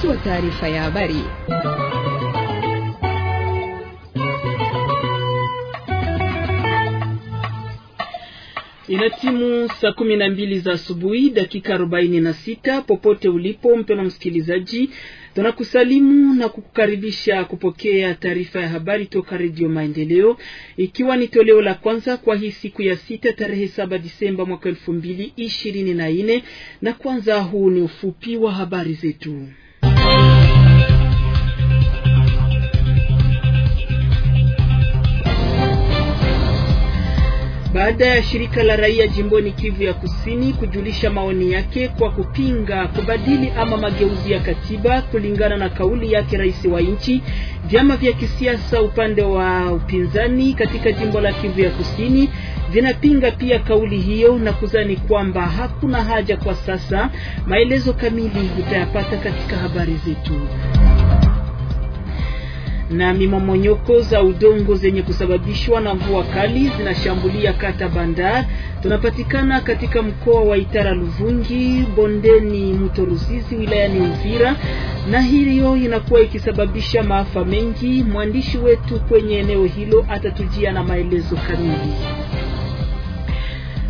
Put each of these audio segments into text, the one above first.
wakati wa taarifa ya habari. Inatimu saa kumi na mbili za asubuhi dakika arobaini na sita popote ulipo mpendwa msikilizaji, tunakusalimu na kukukaribisha kupokea taarifa ya habari toka Redio Maendeleo, ikiwa ni toleo la kwanza kwa hii siku ya sita tarehe saba Disemba mwaka elfu mbili ishirini na nne. Na kwanza huu ni ufupi wa habari zetu. baada ya shirika la raia jimboni Kivu ya Kusini kujulisha maoni yake kwa kupinga kubadili ama mageuzi ya katiba kulingana na kauli yake rais wa nchi. Vyama vya kisiasa upande wa upinzani katika jimbo la Kivu ya Kusini vinapinga pia kauli hiyo na kuzani kwamba hakuna haja kwa sasa. Maelezo kamili utayapata katika habari zetu na mimomonyoko za udongo zenye kusababishwa na mvua kali zinashambulia kata Bandar. Tunapatikana katika mkoa wa Itara Luvungi, bondeni mto Ruzizi, wilayani Uvira, na hiyo inakuwa ikisababisha maafa mengi. Mwandishi wetu kwenye eneo hilo atatujia na maelezo kamili.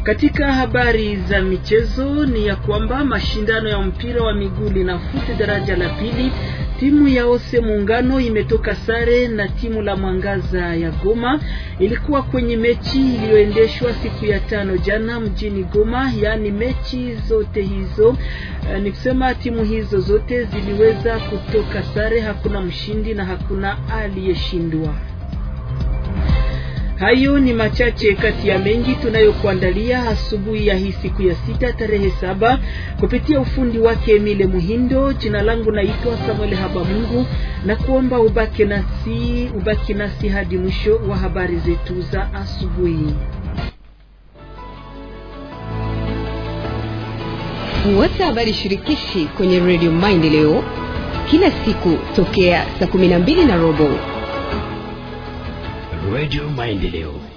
Katika habari za michezo ni ya kwamba mashindano ya mpira wa miguu linafuti daraja la pili Timu ya Ose Muungano imetoka sare na timu la Mwangaza ya Goma. Ilikuwa kwenye mechi iliyoendeshwa siku ya tano jana mjini Goma. Yaani mechi zote hizo eh, ni kusema timu hizo zote ziliweza kutoka sare, hakuna mshindi na hakuna aliyeshindwa. Hayo ni machache kati ya mengi tunayokuandalia asubuhi ya hii siku ya sita tarehe saba kupitia ufundi wake Emile Muhindo. Jina langu naitwa Samuel Habamungu na kuomba ubaki nasi, ubaki nasi hadi mwisho wa habari zetu za asubuhi. Fuata habari shirikishi kwenye Radio Maendeleo kila siku tokea saa 12 na robo Radio Maendeleo.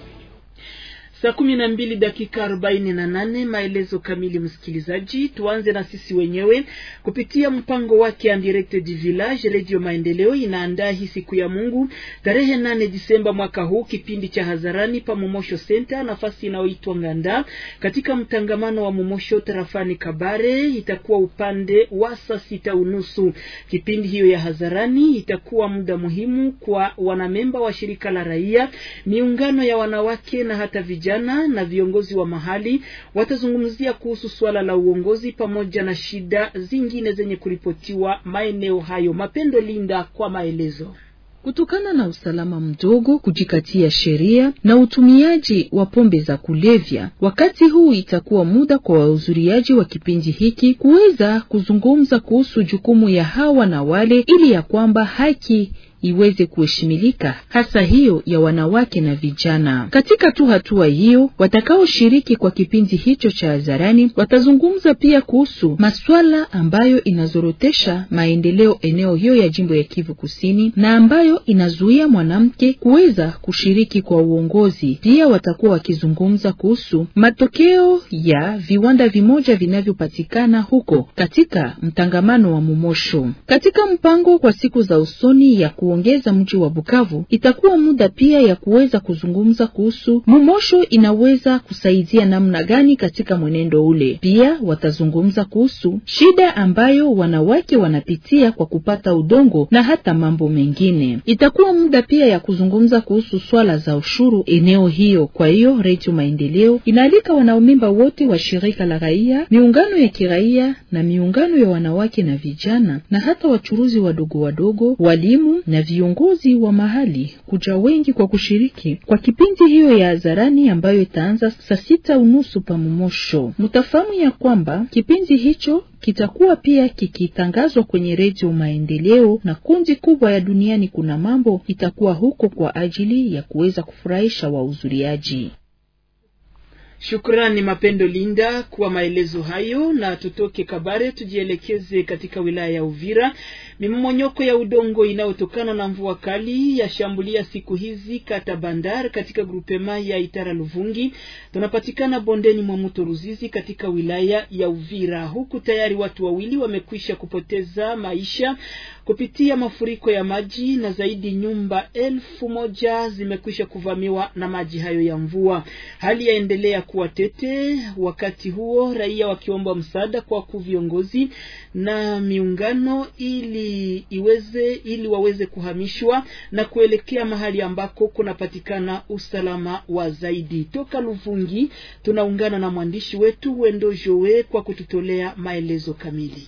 Saa kumi na mbili dakika arobaini na nane. Maelezo kamili, msikilizaji, tuanze na sisi wenyewe kupitia mpango wake Direct du Village. Redio Maendeleo inaandaa hii siku ya Mungu tarehe nane Disemba mwaka huu kipindi cha hadharani pa Momosho Center, nafasi inayoitwa Nganda katika mtangamano wa Momosho tarafani Kabare. Itakuwa upande wa saa sita unusu. Kipindi hiyo ya hadharani itakuwa muda muhimu kwa wanamemba wa shirika la raia, miungano ya wanawake na hata vijana vijana na viongozi wa mahali watazungumzia kuhusu suala la uongozi pamoja na shida zingine zenye kuripotiwa maeneo hayo. Mapendo Linda kwa maelezo. Kutokana na usalama mdogo, kujikatia sheria na utumiaji wa pombe za kulevya, wakati huu itakuwa muda kwa wahudhuriaji wa kipindi hiki kuweza kuzungumza kuhusu jukumu ya hawa na wale, ili ya kwamba haki iweze kuheshimilika, hasa hiyo ya wanawake na vijana. Katika tu hatua hiyo, watakaoshiriki kwa kipindi hicho cha hadharani watazungumza pia kuhusu maswala ambayo inazorotesha maendeleo eneo hiyo ya jimbo ya Kivu Kusini na ambayo inazuia mwanamke kuweza kushiriki kwa uongozi. Pia watakuwa wakizungumza kuhusu matokeo ya viwanda vimoja vinavyopatikana huko katika mtangamano wa Mumosho katika mpango kwa siku za usoni ya ku kuongeza mji wa Bukavu, itakuwa muda pia ya kuweza kuzungumza kuhusu mumosho inaweza kusaidia namna gani katika mwenendo ule. Pia watazungumza kuhusu shida ambayo wanawake wanapitia kwa kupata udongo na hata mambo mengine. Itakuwa muda pia ya kuzungumza kuhusu swala za ushuru eneo hiyo. Kwa hiyo Redio Maendeleo inaalika wanaomimba wote wa shirika la raia, miungano ya kiraia na miungano ya wanawake na vijana na hata wachuruzi wadogo wadogo, walimu na viongozi wa mahali kuja wengi kwa kushiriki kwa kipindi hiyo ya hadharani ambayo itaanza saa sita unusu pamomosho. Mutafahamu ya kwamba kipindi hicho kitakuwa pia kikitangazwa kwenye Redio Maendeleo na kundi kubwa ya duniani kuna mambo itakuwa huko kwa ajili ya kuweza kufurahisha wahudhuriaji. Shukrani Mapendo Linda kwa maelezo hayo, na tutoke Kabare tujielekeze katika wilaya ya Uvira. Mimomonyoko ya udongo inayotokana na mvua kali yashambulia siku hizi kata Bandar katika grupema ya Itara Luvungi, tunapatikana bondeni mwa mto Ruzizi katika wilaya ya Uvira, huku tayari watu wawili wamekwisha kupoteza maisha kupitia mafuriko ya maji, na zaidi nyumba elfu moja zimekwisha kuvamiwa na maji hayo ya mvua. Hali yaendelea kuwa tete, wakati huo raia wakiomba msaada kwa ku viongozi na miungano ili iweze ili waweze kuhamishwa na kuelekea mahali ambako kunapatikana usalama wa zaidi. Toka Luvungi tunaungana na mwandishi wetu Wendo Jowe kwa kututolea maelezo kamili.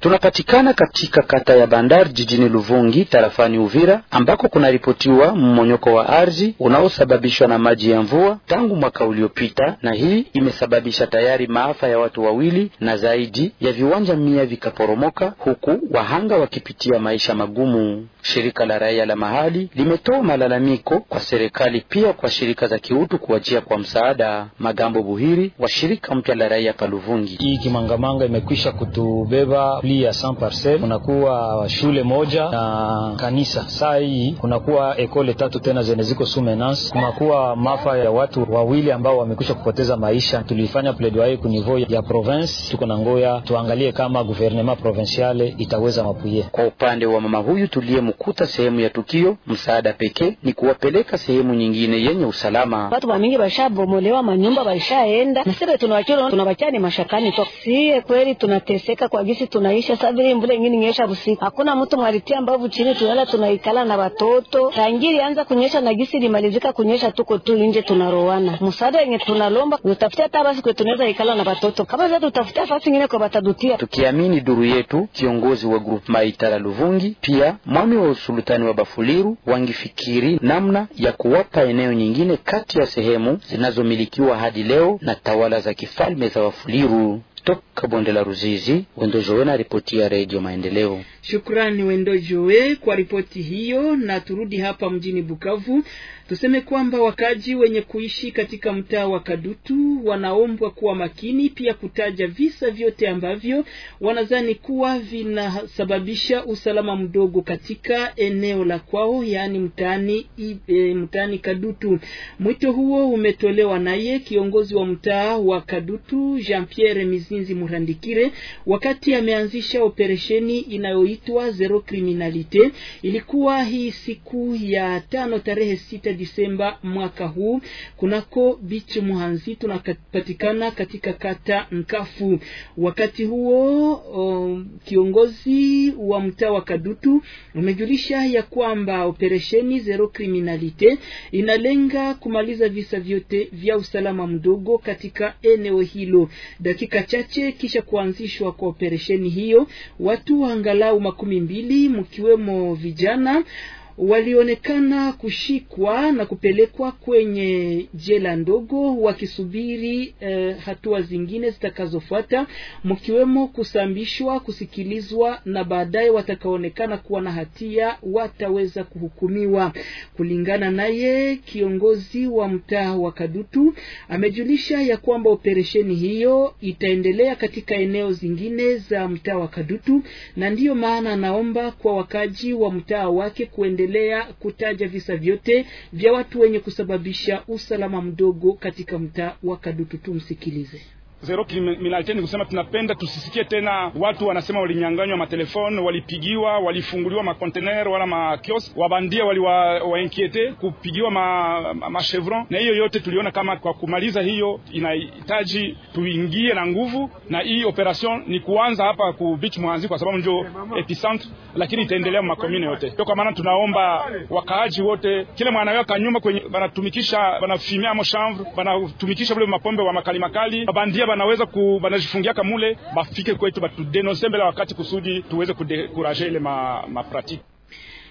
Tunapatikana katika kata ya Bandari jijini Luvungi tarafani Uvira ambako kunaripotiwa mmonyoko wa ardhi unaosababishwa na maji ya mvua tangu mwaka uliopita, na hii imesababisha tayari maafa ya watu wawili na zaidi ya viwanja mia vikaporomoka, huku wahanga wakipitia maisha magumu. Shirika la raia la mahali limetoa malalamiko kwa serikali, pia kwa shirika za kiutu kuachia kwa msaada. Magambo Buhiri wa shirika mpya la raia paluvungi: hii kimangamanga imekwisha kutubeba pli ya 100 parcel kunakuwa shule moja na kanisa. Saa hii kunakuwa ekole tatu tena zenye ziko sumenance. Kunakuwa mafa ya watu wawili ambao wamekwisha kupoteza maisha. Tulifanya plaidoyer ku niveau ya province, tuko na ngoya tuangalie kama gouvernement provinciale itaweza mapuye. Kwa upande wa mama huyu tuliyemkuta sehemu ya tukio, msaada pekee ni kuwapeleka sehemu nyingine yenye usalama. Watu wamingi bashabomolewa manyumba baishaenda, na sisi tunawachana tunabachani mashakani to kweli tunateseka kwa gisi tuna maisha sasa vile mvula ingine nyesha usiku, hakuna mtu mwalitia mbavu chini, tunala tunaikala na watoto. tangiri anza kunyesha na gisi limalizika kunyesha, tuko tu nje tunarowana. Msaada yenye tunalomba utafutia hata basi kwetu tunaweza ikala na watoto, kama zetu utafutia fasi nyingine kwa batadutia, tukiamini duru yetu. Kiongozi wa grupu Maitala Luvungi pia mwami wa usulutani wa Bafuliru wangifikiri namna ya kuwapa eneo nyingine kati ya sehemu zinazomilikiwa hadi leo na tawala za kifalme za Wafuliru. Kutoka bonde la Ruzizi, Wendo na ripoti ya Redio Maendeleo. Shukrani Wendojoe kwa ripoti hiyo, na turudi hapa mjini Bukavu. Tuseme kwamba wakaji wenye kuishi katika mtaa wa Kadutu wanaombwa kuwa makini pia kutaja visa vyote ambavyo wanadhani kuwa vinasababisha usalama mdogo katika eneo la kwao, yaani mtaani e, mtaani Kadutu. Mwito huo umetolewa naye kiongozi wa mtaa wa Kadutu Jean Pierre Mizinzi Murandikire wakati ameanzisha operesheni inayo inayoitwa Zero Criminalite. Ilikuwa hii siku ya tano tarehe sita Disemba mwaka huu kunako Beach Muhanzi tunapatikana katika kata Nkafu. Wakati huo oh, kiongozi wa mtaa wa Kadutu umejulisha ya kwamba operesheni zero criminalite inalenga kumaliza visa vyote vya usalama mdogo katika eneo hilo. Dakika chache kisha kuanzishwa kwa operesheni hiyo, watu wa angalau makumi mbili mkiwemo vijana walionekana kushikwa na kupelekwa kwenye jela ndogo wakisubiri eh, hatua zingine zitakazofuata, mkiwemo kusambishwa, kusikilizwa na baadaye watakaonekana kuwa na hatia wataweza kuhukumiwa. Kulingana naye, kiongozi wa mtaa wa Kadutu amejulisha ya kwamba operesheni hiyo itaendelea katika eneo zingine za mtaa wa Kadutu, na ndiyo maana anaomba kwa wakaji wa mtaa wake kuendelea kuendelea kutaja visa vyote vya watu wenye kusababisha usalama mdogo katika mtaa wa Kadutu. Tumsikilize zero kriminalite ni kusema tunapenda tusisikie tena watu wanasema walinyanganywa matelefone, walipigiwa, walifunguliwa makontener wala makiosk, wabandia waliwaenkiete wa kupigiwa machevron ma, ma na hiyo yote tuliona kama kwa kumaliza hiyo inahitaji tuingie na nguvu, na hii operation ni kuanza hapa ku beach Mwanzi kwa sababu ndio epicentre, lakini itaendelea makomune yote. Kwa maana tunaomba wakaaji wote, kila mwanawea kanyuma kwenye banatumikisha banafimia mo chanvre banatumikisha vile mapombe wa makali makali, wabandia raia banaweza ku banajifungia kamule bafike kwetu batudenonse mbele wakati kusudi tuweze kudekuraje ile ma, ma pratique.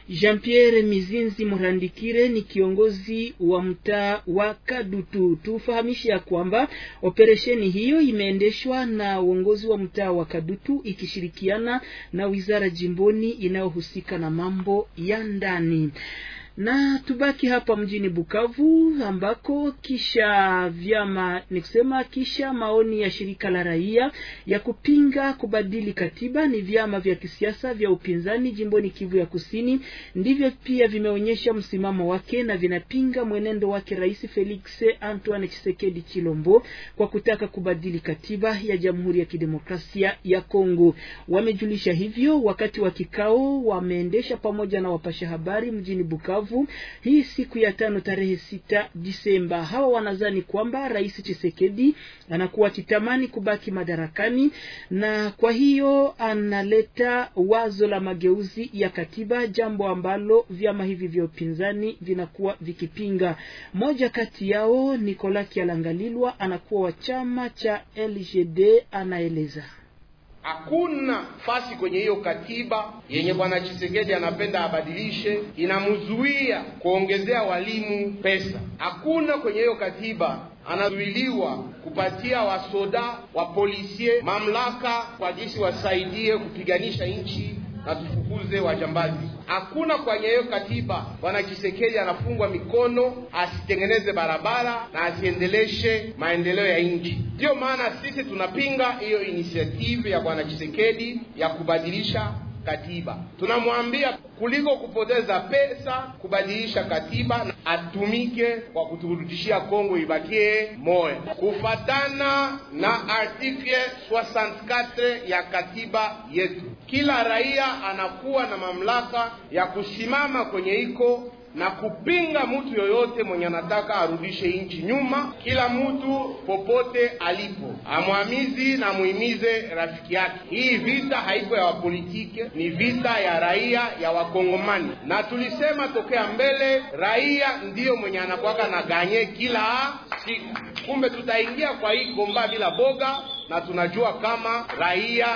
Jean Pierre Mizinzi Murandikire ni kiongozi wa mtaa wa Kadutu. Tufahamishe ya kwamba operesheni hiyo imeendeshwa na uongozi wa mtaa wa Kadutu ikishirikiana na wizara jimboni inayohusika na mambo ya ndani na tubaki hapa mjini Bukavu ambako kisha vyama ni kusema kisha maoni ya shirika la raia ya kupinga kubadili katiba, ni vyama vya kisiasa vya upinzani jimboni Kivu ya Kusini ndivyo pia vimeonyesha msimamo wake na vinapinga mwenendo wake Rais Felix Antoine Tshisekedi Chilombo kwa kutaka kubadili katiba ya Jamhuri ya Kidemokrasia ya Kongo. Wamejulisha hivyo wakati wa kikao wameendesha pamoja na wapasha habari mjini Bukavu Bukavu hii siku ya tano tarehe sita Disemba. Hawa wanazani kwamba Rais chisekedi anakuwa kitamani kubaki madarakani, na kwa hiyo analeta wazo la mageuzi ya katiba, jambo ambalo vyama hivi vya upinzani vinakuwa vikipinga. Moja kati yao Nicolas Kialangalilwa anakuwa wa chama cha LGD anaeleza Hakuna fasi kwenye hiyo katiba yenye bwana Chisekedi anapenda abadilishe, inamzuia kuongezea walimu pesa. Hakuna kwenye hiyo katiba anazuiliwa kupatia wasoda wa polisie mamlaka kwa jinsi wasaidie kupiganisha nchi na tufukuze wajambazi. Hakuna kwenye hiyo katiba bwana Kisekedi anafungwa mikono asitengeneze barabara na asiendeleshe maendeleo ya nchi. Ndiyo maana sisi tunapinga hiyo inisiative ya bwana chisekedi ya kubadilisha katiba. Tunamwambia kuliko kupoteza pesa kubadilisha katiba, atumike kwa kuturudishia Kongo ibakie moya, kufatana na artikle 64 ya katiba yetu. Kila raia anakuwa na mamlaka ya kusimama kwenye iko na kupinga mtu yoyote mwenye anataka arudishe nchi nyuma. Kila mtu popote alipo amwamizi na muhimize rafiki yake. Hii vita haiko ya wapolitike, ni vita ya raia ya Wakongomani, na tulisema tokea mbele, raia ndiyo mwenye anakwaka na ganye kila siku. Kumbe tutaingia kwa hii gomba bila boga, na tunajua kama raia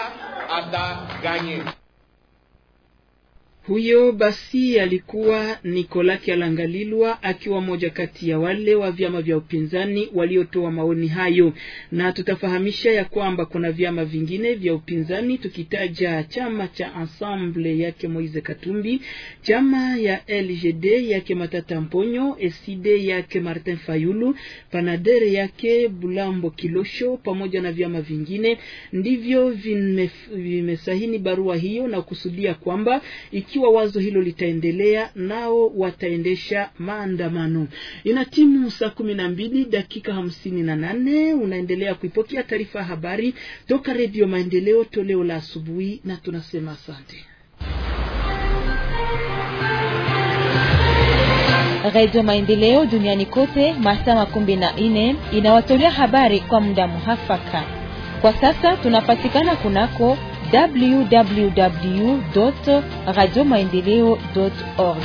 ataganye. Huyo basi alikuwa Nikola Kyalangalilwa akiwa moja kati ya wale wa vyama vya upinzani waliotoa maoni hayo, na tutafahamisha ya kwamba kuna vyama vingine vya upinzani tukitaja chama cha Ensemble yake Moise Katumbi, chama ya LGD yake Matata Mponyo, Eside yake Martin Fayulu, Panadere yake Bulambo Kilosho pamoja na vyama vingine ndivyo vimesahini barua hiyo na kusudia kwamba iki ikiwa wazo hilo litaendelea, nao wataendesha maandamano. Ina timu saa kumi na mbili dakika hamsini na nane. Unaendelea kuipokea taarifa ya habari toka Redio Maendeleo toleo la asubuhi, na tunasema asante. Redio Maendeleo duniani kote masaa makumi na nne inawatolea habari kwa muda muhafaka. Kwa sasa tunapatikana kunako www.radiomaendeleo.org.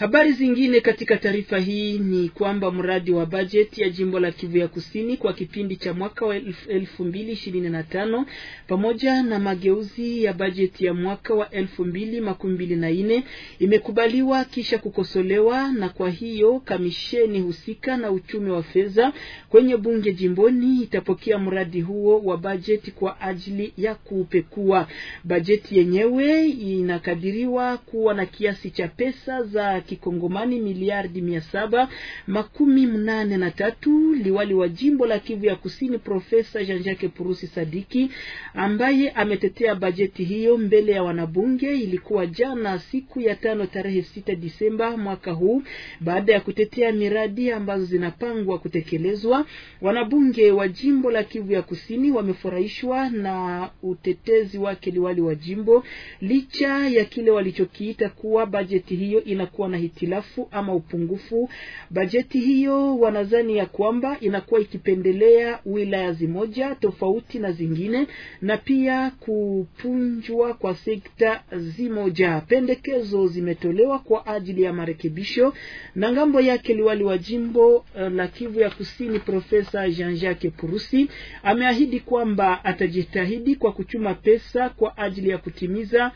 Habari zingine katika taarifa hii ni kwamba mradi wa bajeti ya jimbo la Kivu ya Kusini kwa kipindi cha mwaka wa 2025 pamoja na mageuzi ya bajeti ya mwaka wa 2024 imekubaliwa kisha kukosolewa na kwa hiyo kamisheni husika na uchumi wa fedha kwenye bunge jimboni itapokea mradi huo wa bajeti kwa ajili ya kupekua. Bajeti yenyewe inakadiriwa kuwa na kiasi cha pesa za kikongomani miliardi mia saba makumi mnane na tatu. Liwali wa jimbo la Kivu ya Kusini Profesa Jean-Jacques Purusi Sadiki ambaye ametetea bajeti hiyo mbele ya wanabunge ilikuwa jana siku ya tano tarehe sita Disemba mwaka huu, baada ya kutetea miradi ambazo zinapangwa kutekelezwa. Wanabunge wa jimbo la Kivu ya Kusini wamefurahishwa na utetezi wake liwali wa jimbo licha ya kile walichokiita kuwa bajeti hiyo inakuwa na hitilafu ama upungufu. Bajeti hiyo wanazani ya kwamba inakuwa ikipendelea wilaya zimoja tofauti na zingine, na pia kupunjwa kwa sekta zimoja. Pendekezo zimetolewa kwa ajili ya marekebisho, na ngambo yake liwali wa jimbo eh, la Kivu ya Kusini Profesa Jean-Jacques Purusi ameahidi kwamba atajitahidi kwa kuchuma pesa kwa ajili ya kutimiza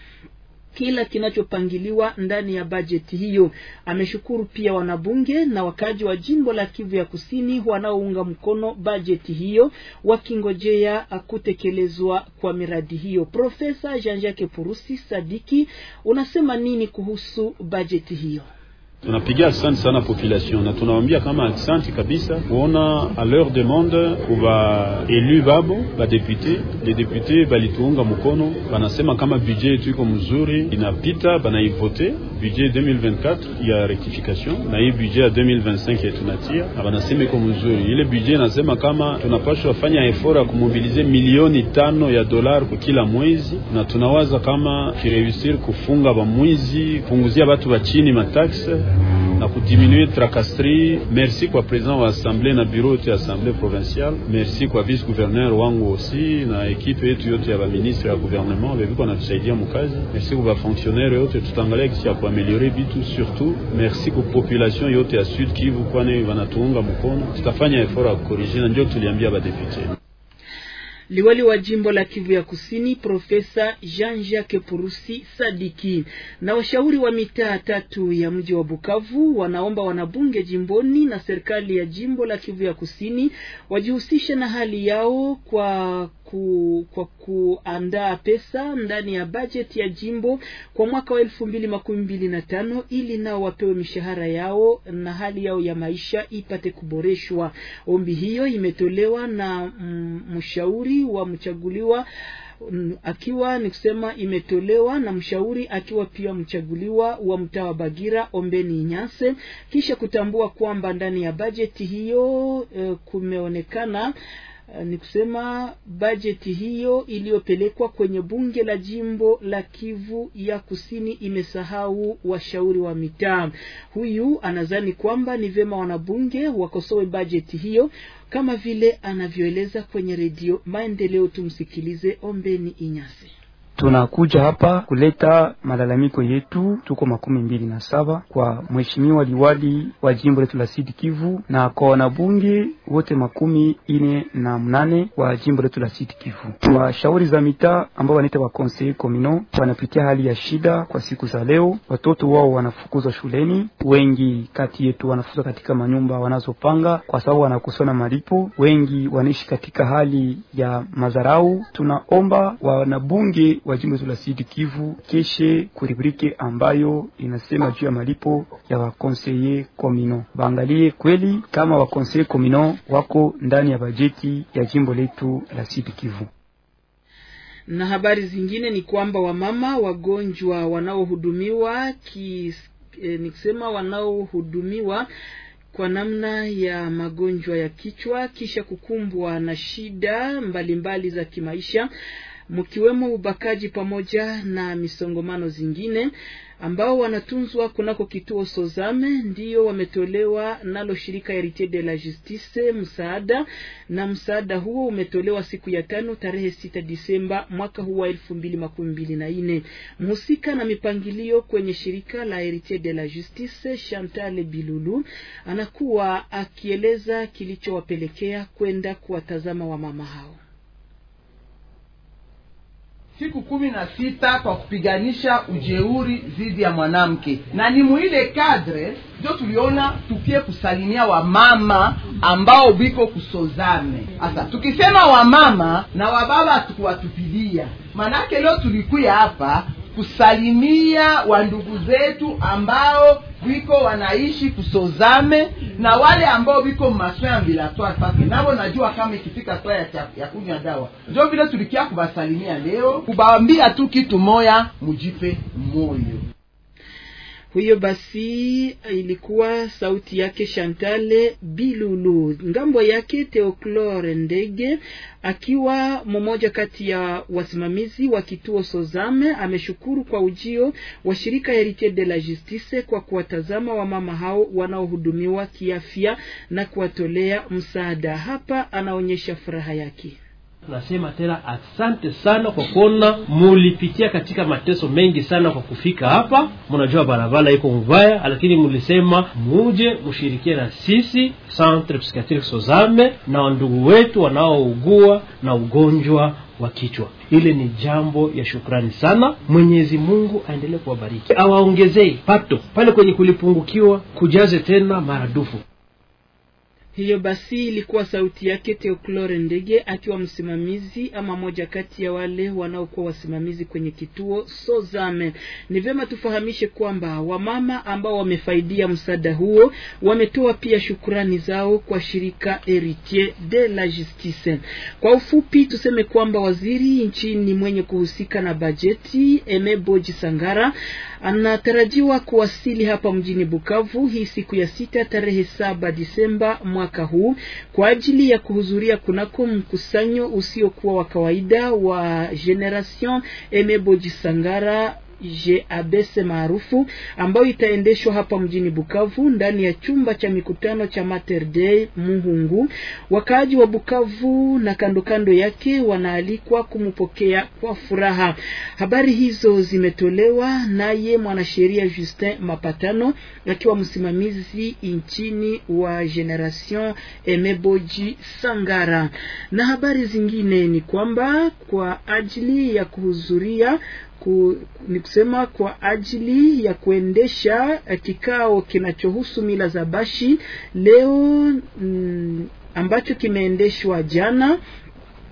kila kinachopangiliwa ndani ya bajeti hiyo. Ameshukuru pia wanabunge na wakaji wa jimbo la Kivu ya Kusini wanaounga mkono bajeti hiyo wakingojea kutekelezwa kwa miradi hiyo. Profesa Jean-Jacques Purusi Sadiki, unasema nini kuhusu bajeti hiyo? tunapiga asante sana population na tunawambia kama asante kabisa kuona a leur demande kuba elu babo ba depute le balituunga mkono, banasema kama budget yetu iko mzuri inapita, banaivote budget 2024 ya rectification na hii budget ya 2025 yetu na banasema iko mzuri ile budget. Nasema kama tunapashwa fanya effort ya kumobilize milioni tano ya dolar kwa kila mwezi, na tunawaza kama kireusir kufunga bamwizi mwizi, batu bachini mataxe na kudiminuye trakastri. Merci kwa president wa asamble na bureau de ya provinciale. Merci kwa vice gouverneur wangu aussi na ekipe yetu yote ya baministre ya gouvernement vevi wanatusaidia mukazi. Merci kwa bafonctionnaire yote, tutaangalia kisi ya kuameliore bitu surtout. Merci kwa population yote ya Sud Kivu, kwani wanatuunga mkono, tutafanya effort ya kukorije, na ndio tuliambia badepute Liwali wa jimbo la Kivu ya Kusini Profesa Jean-Jacques Purusi Sadiki na washauri wa mitaa tatu ya mji wa Bukavu wanaomba wanabunge jimboni na serikali ya jimbo la Kivu ya Kusini wajihusishe na hali yao kwa ku, kwa kuandaa pesa ndani ya budget ya jimbo kwa mwaka wa elfu mbili makumi mbili na tano ili nao wapewe mishahara yao na hali yao ya maisha ipate kuboreshwa. Ombi hiyo imetolewa na mshauri wa mchaguliwa akiwa ni kusema imetolewa na mshauri akiwa pia mchaguliwa wa mtaa wa Bagira Ombeni nyase kisha kutambua kwamba ndani ya bajeti hiyo e, kumeonekana ni kusema bajeti hiyo iliyopelekwa kwenye bunge la jimbo la Kivu ya Kusini imesahau washauri wa, wa mitaa. Huyu anadhani kwamba ni vyema wanabunge wakosoe bajeti hiyo kama vile anavyoeleza kwenye redio Maendeleo. Tumsikilize Ombeni Inyasi tunakuja hapa kuleta malalamiko yetu. Tuko makumi mbili na saba kwa mheshimiwa liwali wa jimbo letu la Sud Kivu na kwa wanabunge wote makumi ine na mnane wa jimbo letu la Sud Kivu. Washauri za mitaa ambao wanaita wa conseil komino wanapitia hali ya shida kwa siku za leo. Watoto wao wanafukuzwa shuleni, wengi kati yetu wanafukuzwa katika manyumba wanazopanga kwa sababu wanakusana malipo, wengi wanaishi katika hali ya madharau. Tunaomba wanabunge wa wa jimbo la Sud Kivu keshe kuribrike ambayo inasema juu ya malipo ya wakonseye komino. Baangalie kweli kama wakonseye komino wako ndani ya bajeti ya jimbo letu la Sud Kivu. Na habari zingine ni kwamba wamama wagonjwa wanaohudumiwa e, eh, nikisema wanaohudumiwa kwa namna ya magonjwa ya kichwa kisha kukumbwa na shida mbalimbali mbali za kimaisha mkiwemo ubakaji pamoja na misongomano zingine ambao wanatunzwa kunako kituo Sozame ndio wametolewa nalo shirika Heritier de la Justice msaada, na msaada huo umetolewa siku ya tano tarehe sita Disemba mwaka huu wa elfu mbili makumi mbili na nne. Mhusika na mipangilio kwenye shirika la Heritier de la Justice Chantal Bilulu anakuwa akieleza kilichowapelekea kwenda kuwatazama wamama hao siku kumi na sita kwa kupiganisha ujeuri dhidi ya mwanamke, na ni muile kadre ndio tuliona tupie kusalimia wamama ambao biko kusozame. Sasa tukisema wamama na wababa, tukuwatupilia manake, leo tulikuya hapa kusalimia wandugu zetu ambao wiko wanaishi tusozame na wale ambao wiko maswa ya ambulatoire sasa nabo najua kama ikifika swa ya, ya kunywa dawa ndio vile tulikia kubasalimia leo kubaambia tu kitu moya mujipe moyo huyo basi ilikuwa sauti yake Chantal Bilulu. Ngambo yake theoclore Ndege akiwa mmoja kati ya wasimamizi wa kituo Sozame ameshukuru kwa ujio wa shirika Heritier de la Justice kwa kuwatazama wamama hao wanaohudumiwa kiafya na kuwatolea msaada. Hapa anaonyesha furaha yake. Nasema tena asante sana kwa kuona mulipitia katika mateso mengi sana kwa kufika hapa. Mnajua barabara iko mubaya, lakini mulisema muje mushirikie na sisi Centre Psychiatrique Sozame na ndugu wetu wanaougua na ugonjwa wa kichwa. Ile ni jambo ya shukrani sana. Mwenyezi Mungu aendelee kuwabariki, awaongezee pato pale kwenye kulipungukiwa, kujaze tena maradufu. Hiyo basi ilikuwa sauti yake Theoklore Ndege akiwa msimamizi ama moja kati ya wale wanaokuwa wasimamizi kwenye kituo Sozame. Ni vyema tufahamishe kwamba wamama ambao wamefaidia msaada huo wametoa pia shukrani zao kwa shirika Heritier de la Justice. Kwa ufupi tuseme kwamba waziri nchini mwenye kuhusika na bajeti Emeboji Sangara anatarajiwa kuwasili hapa mjini Bukavu hii siku ya sita tarehe saba Disemba mwa mwaka huu kwa ajili ya kuhudhuria kunako mkusanyo usiokuwa wa kawaida wa Generation Emebo Jisangara JABC maarufu ambayo itaendeshwa hapa mjini Bukavu ndani ya chumba cha mikutano cha Mater Dei Muhungu. Wakaaji wa Bukavu na kando kando yake wanaalikwa kumpokea kwa furaha. Habari hizo zimetolewa naye mwanasheria Justin Mapatano akiwa msimamizi nchini wa Generation Emeboji Sangara. Na habari zingine ni kwamba kwa ajili ya kuhudhuria ku, ni kusema kwa ajili ya kuendesha eh, kikao kinachohusu mila za Bashi leo mm, ambacho kimeendeshwa jana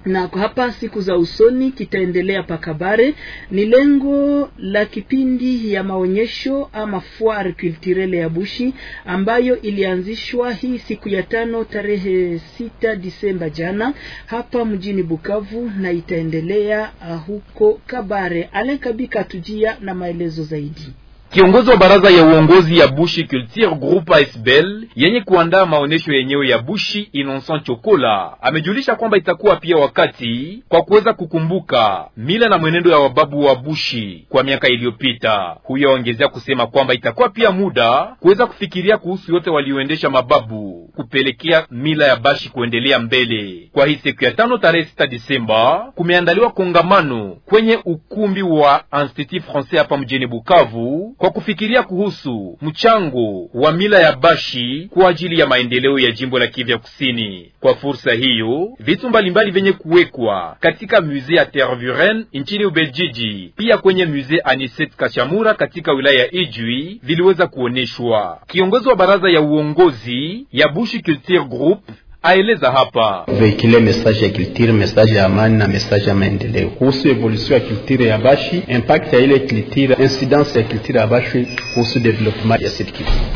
na hapa siku za usoni kitaendelea pakabare. Ni lengo la kipindi ya maonyesho ama foire culturelle ya Bushi ambayo ilianzishwa hii siku ya tano tarehe sita Disemba jana hapa mjini Bukavu na itaendelea ah, huko Kabare. Alain Kabika tujia na maelezo zaidi. Kiongozi wa baraza ya uongozi ya Bushi Culture Group ASBL yenye kuandaa maonyesho yenyewe ya Bushi, Innocent Chokola amejulisha kwamba itakuwa pia wakati kwa kuweza kukumbuka mila na mwenendo ya wababu wa Bushi kwa miaka iliyopita. Huyo aongezea kusema kwamba itakuwa pia muda kuweza kufikiria kuhusu yote walioendesha mababu kupelekea mila ya Bashi kuendelea mbele. Kwa hii siku ya tano tarehe sita Disemba kumeandaliwa kongamano kwenye ukumbi wa Institut Francais hapa mjini Bukavu kwa kufikiria kuhusu mchango wa mila ya Bashi kwa ajili ya maendeleo ya jimbo la kivya Kusini. Kwa fursa hiyo, vitu mbalimbali vyenye kuwekwa katika Musee ya Tervuren nchini Ubeljiji, pia kwenye Musee Aniset Kashamura katika wilaya ya Ijwi viliweza kuonyeshwa. Kiongozi wa baraza ya uongozi ya Bushi Culture Group aeleza hapa veikile mesaje ya kiltire, mesaje ya amani na mesaje ya maendeleo kuhusu evolution ya kiltire ya Bashi, impact ya ile kiltire, incidence ya kiltire ya Bashi kuhusu development ya sud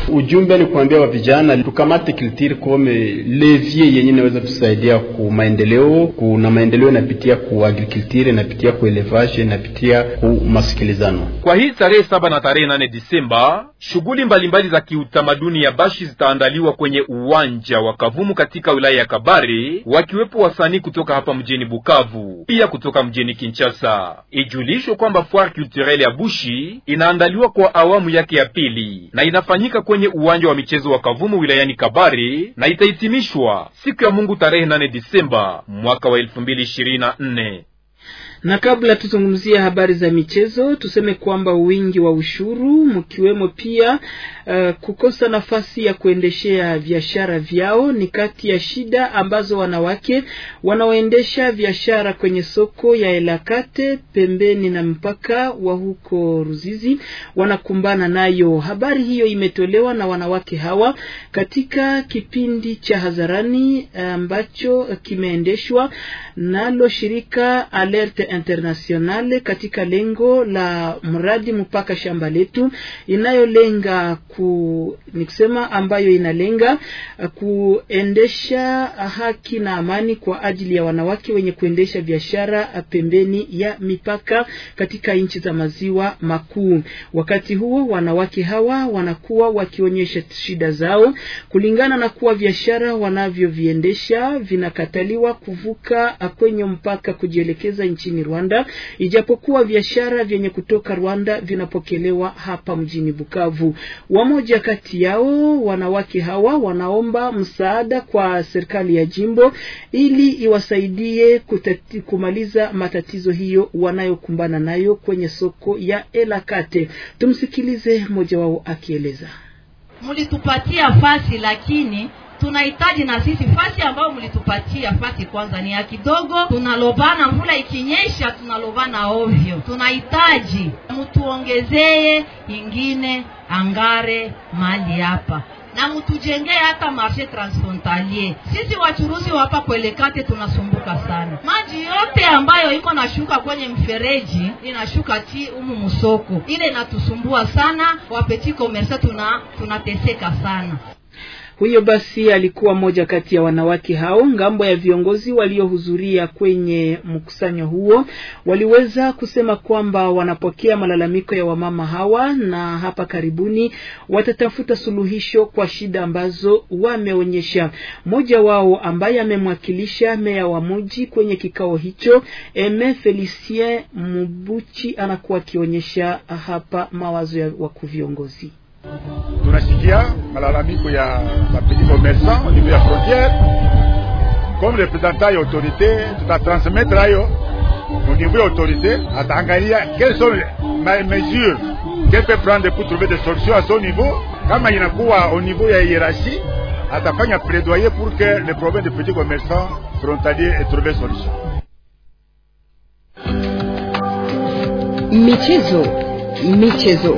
Ujumbe ni kuambia wa vijana tukamate kiltire kome levie yenye inaweza tusaidia ku maendeleo. Kuna maendeleo inapitia ku agriculture, inapitia ku elevage, inapitia ku masikilizano. Kwa hii tarehe saba na tarehe nane Disemba, shughuli mbalimbali za kiutamaduni ya Bashi zitaandaliwa kwenye uwanja wa Kavumu katika wilaya ya Kabare, wakiwepo wasanii kutoka hapa mjini Bukavu pia kutoka mjini Kinshasa. Ijulishwe kwamba foire culturelle ya Bushi inaandaliwa kwa awamu yake ya pili na inafanyika kwenye uwanja wa michezo wa Kavumu wilayani Kabare na itahitimishwa siku ya Mungu tarehe 8 Disemba mwaka wa 2024 na kabla tuzungumzie habari za michezo, tuseme kwamba wingi wa ushuru mkiwemo pia uh, kukosa nafasi ya kuendeshea biashara vyao ni kati ya shida ambazo wanawake wanaoendesha biashara kwenye soko ya Elakate pembeni na mpaka wa huko Ruzizi wanakumbana nayo. Habari hiyo imetolewa na wanawake hawa katika kipindi cha hadharani eh, ambacho kimeendeshwa nalo shirika Alerte Internationale katika lengo la mradi mpaka shamba letu inayolenga ku, ni kusema ambayo inalenga eh, kuendesha haki na amani kwa ajili ya wanawake wenye kuendesha biashara eh, pembeni ya mipaka katika nchi za maziwa makuu. Wakati huo wanawake hawa wanakuwa wakionyesha shida zao kulingana na kuwa biashara wanavyoviendesha vinakataliwa kuvuka eh, kwenye mpaka kujielekeza nchini Rwanda, ijapokuwa biashara vyenye kutoka Rwanda vinapokelewa hapa mjini Bukavu. Wamoja kati yao wanawake hawa wanaomba msaada kwa serikali ya jimbo ili iwasaidie kutati, kumaliza matatizo hiyo wanayokumbana nayo kwenye soko ya Elakate. Tumsikilize mmoja wao akieleza. Mulitupatia fasi lakini tunahitaji na sisi fasi ambayo mlitupatia fasi kwanza ni ya kidogo, tunalobana. Mvula ikinyesha tunalobana ovyo, tunahitaji mtuongezee ingine angare mali hapa na mtujengee hata marshe transfrontalier. Sisi wachuruzi hapa Kwelekate tunasumbuka sana, maji yote ambayo iko nashuka kwenye mfereji inashuka ti umu musoko ile inatusumbua sana. Wapeti komersa tuna tunateseka sana. Huyo basi alikuwa mmoja kati ya wanawake hao. Ngambo ya viongozi waliohudhuria kwenye mkusanyo huo waliweza kusema kwamba wanapokea malalamiko ya wamama hawa na hapa karibuni watatafuta suluhisho kwa shida ambazo wameonyesha. Mmoja wao ambaye amemwakilisha meya wa mji kwenye kikao hicho, Eme Felicien Mubuchi, anakuwa akionyesha hapa mawazo ya wakuu viongozi. y malalamiko ya petits commerçant au niveau la frontière. Comme représentant ya autorité, à eux, au niveau ya à ataangalia quelles sont les mesures qu'elle peut prendre pour trouver des solutions à son niveau. Quand Kama inakuwa au niveau la hiérarchie, à plaidoyer pour que le problème des petits commerçants frontaliers ait trouvé solution. Michezo, michezo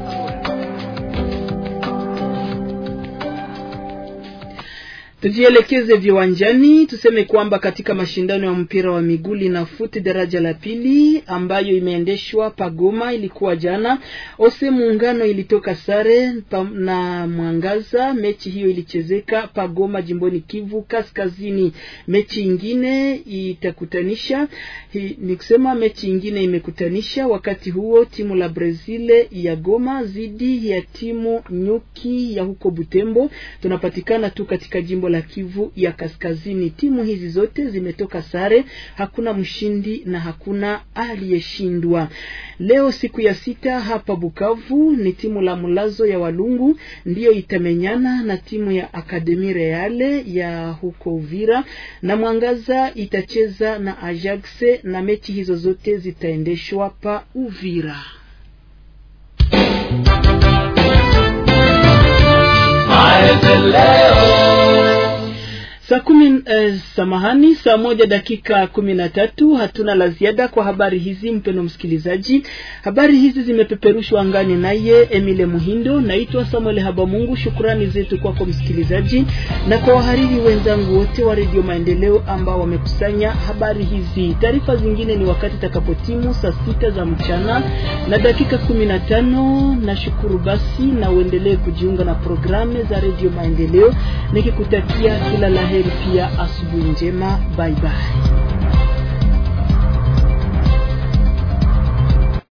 Tujielekeze viwanjani tuseme kwamba katika mashindano ya mpira wa miguu linafuti daraja la pili ambayo imeendeshwa Pagoma ilikuwa jana. Ose Muungano ilitoka sare na Mwangaza. Mechi hiyo ilichezeka Pagoma jimboni Kivu Kaskazini. Mechi ingine itakutanisha hi, ni kusema mechi ingine imekutanisha wakati huo timu la Brazil ya Goma dhidi ya timu nyuki ya huko Butembo. Tunapatikana tu katika jimbo la Kivu ya Kaskazini. Timu hizi zote zimetoka sare, hakuna mshindi na hakuna aliyeshindwa. Leo siku ya sita hapa Bukavu ni timu la Mlazo ya Walungu ndiyo itamenyana na timu ya Akademi Reale ya huko Uvira, na Mwangaza itacheza na Ajax, na mechi hizo zote zitaendeshwa pa Uvira. Leo. Saa kumi, eh, samahani, saa moja dakika kumi na tatu. Hatuna la ziada kwa habari hizi, mpendo msikilizaji. Habari hizi zimepeperushwa angani naye Emile Muhindo. Naitwa Samuel Habamungu. Shukrani zetu kwako msikilizaji na kwa wahariri wenzangu wote wa Redio Maendeleo ambao wamekusanya habari hizi. Taarifa zingine ni wakati takapotimu saa sita za mchana na dakika kumi na tano. Nashukuru basi na uendelee kujiunga na programu za Redio Maendeleo nikikutakia kila la heri pia, asubuhi njema, bye bye.